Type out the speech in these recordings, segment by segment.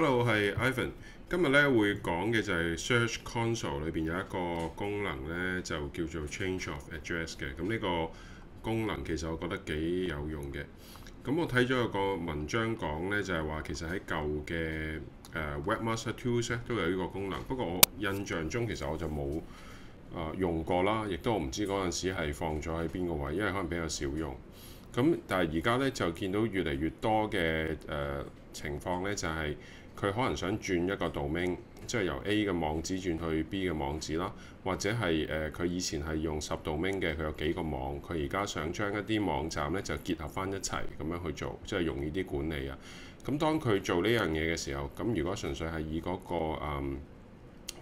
Hello，我係 Ivan。今日咧會講嘅就係 Search Console 裏邊有一個功能咧，就叫做 Change of Address 嘅。咁呢個功能其實我覺得幾有用嘅。咁我睇咗個文章講咧，就係、是、話其實喺舊嘅、呃、Webmaster Tools 都有呢個功能。不過我印象中其實我就冇、呃、用過啦，亦都我唔知嗰陣時係放咗喺邊個位，因為可能比較少用。咁但係而家咧就見到越嚟越多嘅誒、呃、情況咧，就係、是。佢可能想轉一個 domain 即係由 A 嘅網址轉去 B 嘅網址啦，或者係誒佢以前係用十 domain 嘅，佢有幾個網，佢而家想將一啲網站咧就結合返一齊咁樣去做，即係容易啲管理啊。咁當佢做呢樣嘢嘅時候，咁如果純粹係以嗰、那個、嗯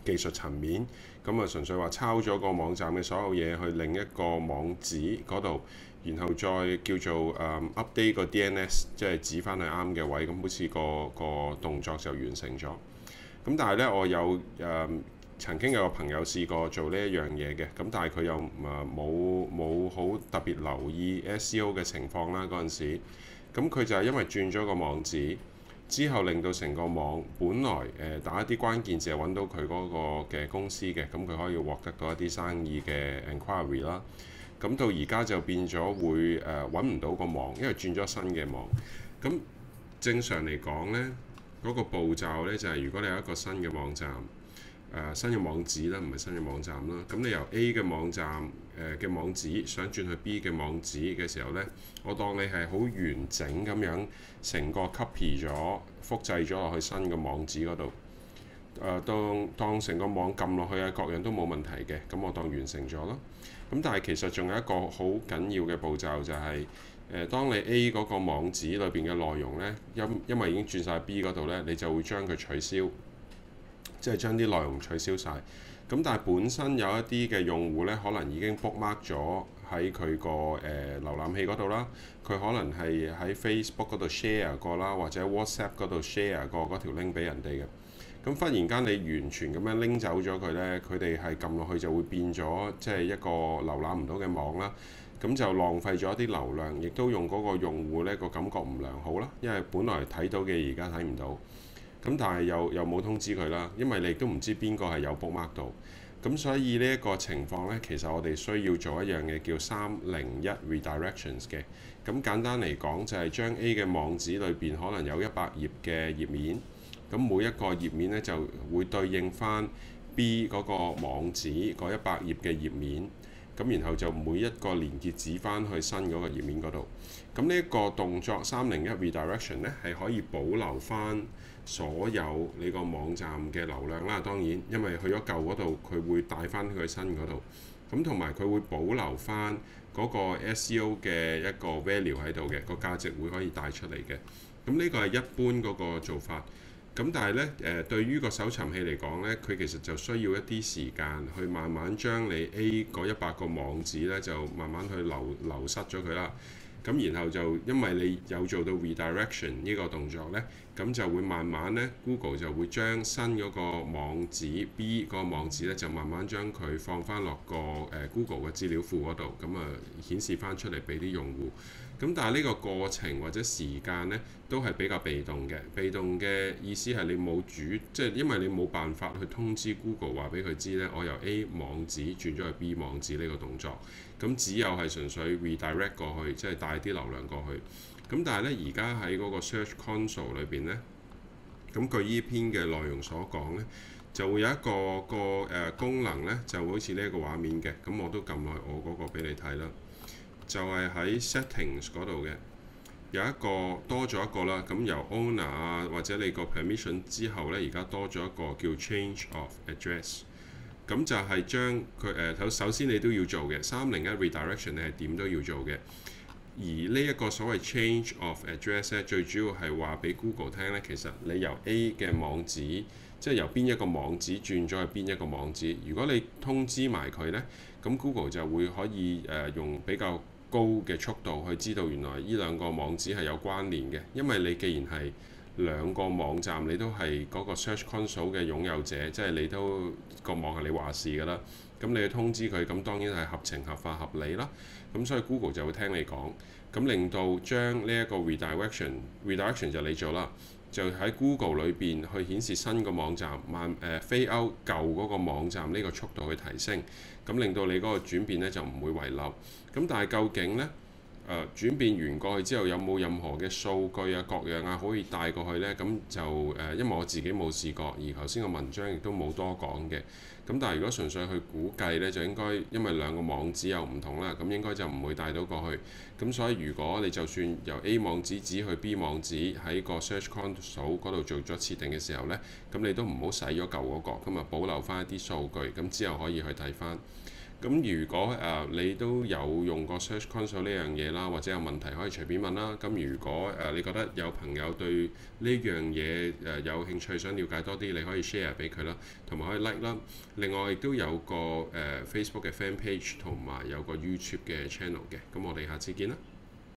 技術層面，咁啊純粹話抄咗個網站嘅所有嘢去另一個網址嗰度，然後再叫做誒、um, update 個 DNS，即係指翻去啱嘅位，咁好似、個個動作就完成咗。咁但係呢，我有誒、um, 曾經有個朋友試過做呢一樣嘢嘅，咁但係佢又誒冇冇好特別留意 SEO 嘅情況啦嗰陣時，咁佢就係因為轉咗個網址。之後令到成個網，本來誒、呃、打一啲關鍵字揾到佢嗰個嘅公司嘅，咁、嗯、佢可以獲得到一啲生意嘅 inquiry 啦。咁、嗯、到而家就變咗會誒揾唔到個網，因為轉咗新嘅網。咁、嗯、正常嚟講呢，嗰、那個步驟呢，就係、是、如果你有一個新嘅網站。誒新嘅網址啦，唔係新嘅網站啦。咁你由 A 嘅網站誒嘅、呃、網址想轉去 B 嘅網址嘅時候呢，我當你係好完整咁樣成個 copy 咗、複製咗落去新嘅網址嗰度誒，當當成個網撳落去呀，各樣都冇問題嘅，咁我當完成咗咯。咁但係其實仲有一個好緊要嘅步驟就係、係、誒、呃，當你 A 嗰個網址裏邊嘅內容呢，因因為已經轉晒 B 嗰度呢，你就會將佢取消。即係將啲內容取消晒，咁但係本身有一啲嘅用戶呢，可能已經 bookmark 咗喺佢個誒瀏覽器嗰度啦。佢可能係喺 Facebook 嗰度 share 過啦，或者 WhatsApp 嗰度 share 過嗰條 link 俾人哋嘅。咁忽然間你完全咁樣拎走咗佢呢，佢哋係撳落去就會變咗即係一個瀏覽唔到嘅網啦。咁就浪費咗一啲流量，亦都用嗰個用戶呢個感覺唔良好啦，因為本來睇到嘅而家睇唔到。咁但係又又冇通知佢啦，因為你都唔知邊個係有 bookmark 度。咁所以呢一個情況呢，其實我哋需要做一樣嘢叫三零一 redirections 嘅。咁簡單嚟講，就係將 A 嘅網址裏邊可能有一百頁嘅頁面，咁每一個頁面呢，就會對應翻 B 嗰個網址嗰一百頁嘅頁面。咁然後就每一個連結指翻去新嗰個頁面嗰度，咁呢個動作301 redirection 呢，係可以保留翻所有你個網站嘅流量啦。當然，因為去咗舊嗰度，佢會帶翻去新嗰度。咁同埋佢會保留翻嗰個 SEO 嘅一個 value 喺度嘅個價值會可以帶出嚟嘅。咁呢個係一般嗰個做法。咁但係咧，誒、呃、對於個搜尋器嚟講咧，佢其實就需要一啲時間去慢慢將你 A 嗰一百個網址咧，就慢慢去流流失咗佢啦。咁然後就因為你有做到 redirection 呢個動作咧，咁就會慢慢咧 Google 就會將新嗰個網址 B 個網址咧，就慢慢將佢放翻落、那個誒、呃、Google 嘅資料庫嗰度，咁啊顯示翻出嚟俾啲用戶。咁但係呢個過程或者時間呢，都係比較被動嘅。被動嘅意思係你冇主，即係因為你冇辦法去通知 Google 話俾佢知呢我由 A 網址轉咗去 B 網址呢個動作。咁只有係純粹 redirect 過去，即係帶啲流量過去。咁但係呢，而家喺嗰個 Search Console 裏邊呢，咁據依篇嘅內容所講呢，就會有一個一個誒功能呢，就好似呢一個畫面嘅。咁我都撳落去我嗰個俾你睇啦。就係喺 settings 嗰度嘅，有一個多咗一個啦，咁由 owner 啊或者你個 permission 之後呢，而家多咗一個叫 change of address，咁就係將佢誒、呃、首先你都要做嘅301 redirection 你係點都要做嘅，而呢一個所謂 change of address 呢，最主要係話俾 Google 聽呢。其實你由 A 嘅網址即係由邊一個網址轉咗去邊一個網址，如果你通知埋佢呢，咁 Google 就會可以誒、呃、用比較。高嘅速度去知道原來呢兩個網址係有關聯嘅，因為你既然係兩個網站，你都係嗰個 Search Console 嘅擁有者，即係你都個網係你話事㗎啦。咁你去通知佢，咁當然係合情合法合理啦。咁所以 Google 就會聽你講，咁令到將呢一個 Redirection，Redirection red 就你做啦。就喺 Google 裏邊去顯示新網、呃、個網站，慢誒非歐舊嗰個網站呢個速度去提升，咁令到你嗰個轉變咧就唔會遺漏。咁但係究竟咧？誒、呃、轉變完過去之後，有冇任何嘅數據啊、各樣啊，可以帶過去呢？咁就誒、呃，因為我自己冇試過，而頭先個文章亦都冇多講嘅。咁但係如果純粹去估計呢，就應該因為兩個網址又唔同啦，咁應該就唔會帶到過去。咁所以如果你就算由 A 網址指去 B 網址，喺個 Search Console 嗰度做咗設定嘅時候呢，咁你都唔好洗咗舊嗰個，咁啊保留翻一啲數據，咁之後可以去睇翻。咁如果誒、啊、你都有用過 Search Console 呢樣嘢啦，或者有問題可以隨便問啦。咁、啊、如果誒、啊、你覺得有朋友對呢樣嘢誒有興趣，想了解多啲，你可以 share 俾佢啦，同埋可以 like 啦。另外亦都有個誒、啊、Facebook 嘅 Fan Page 同埋有，有個 YouTube 嘅 Channel 嘅。咁我哋下次見啦。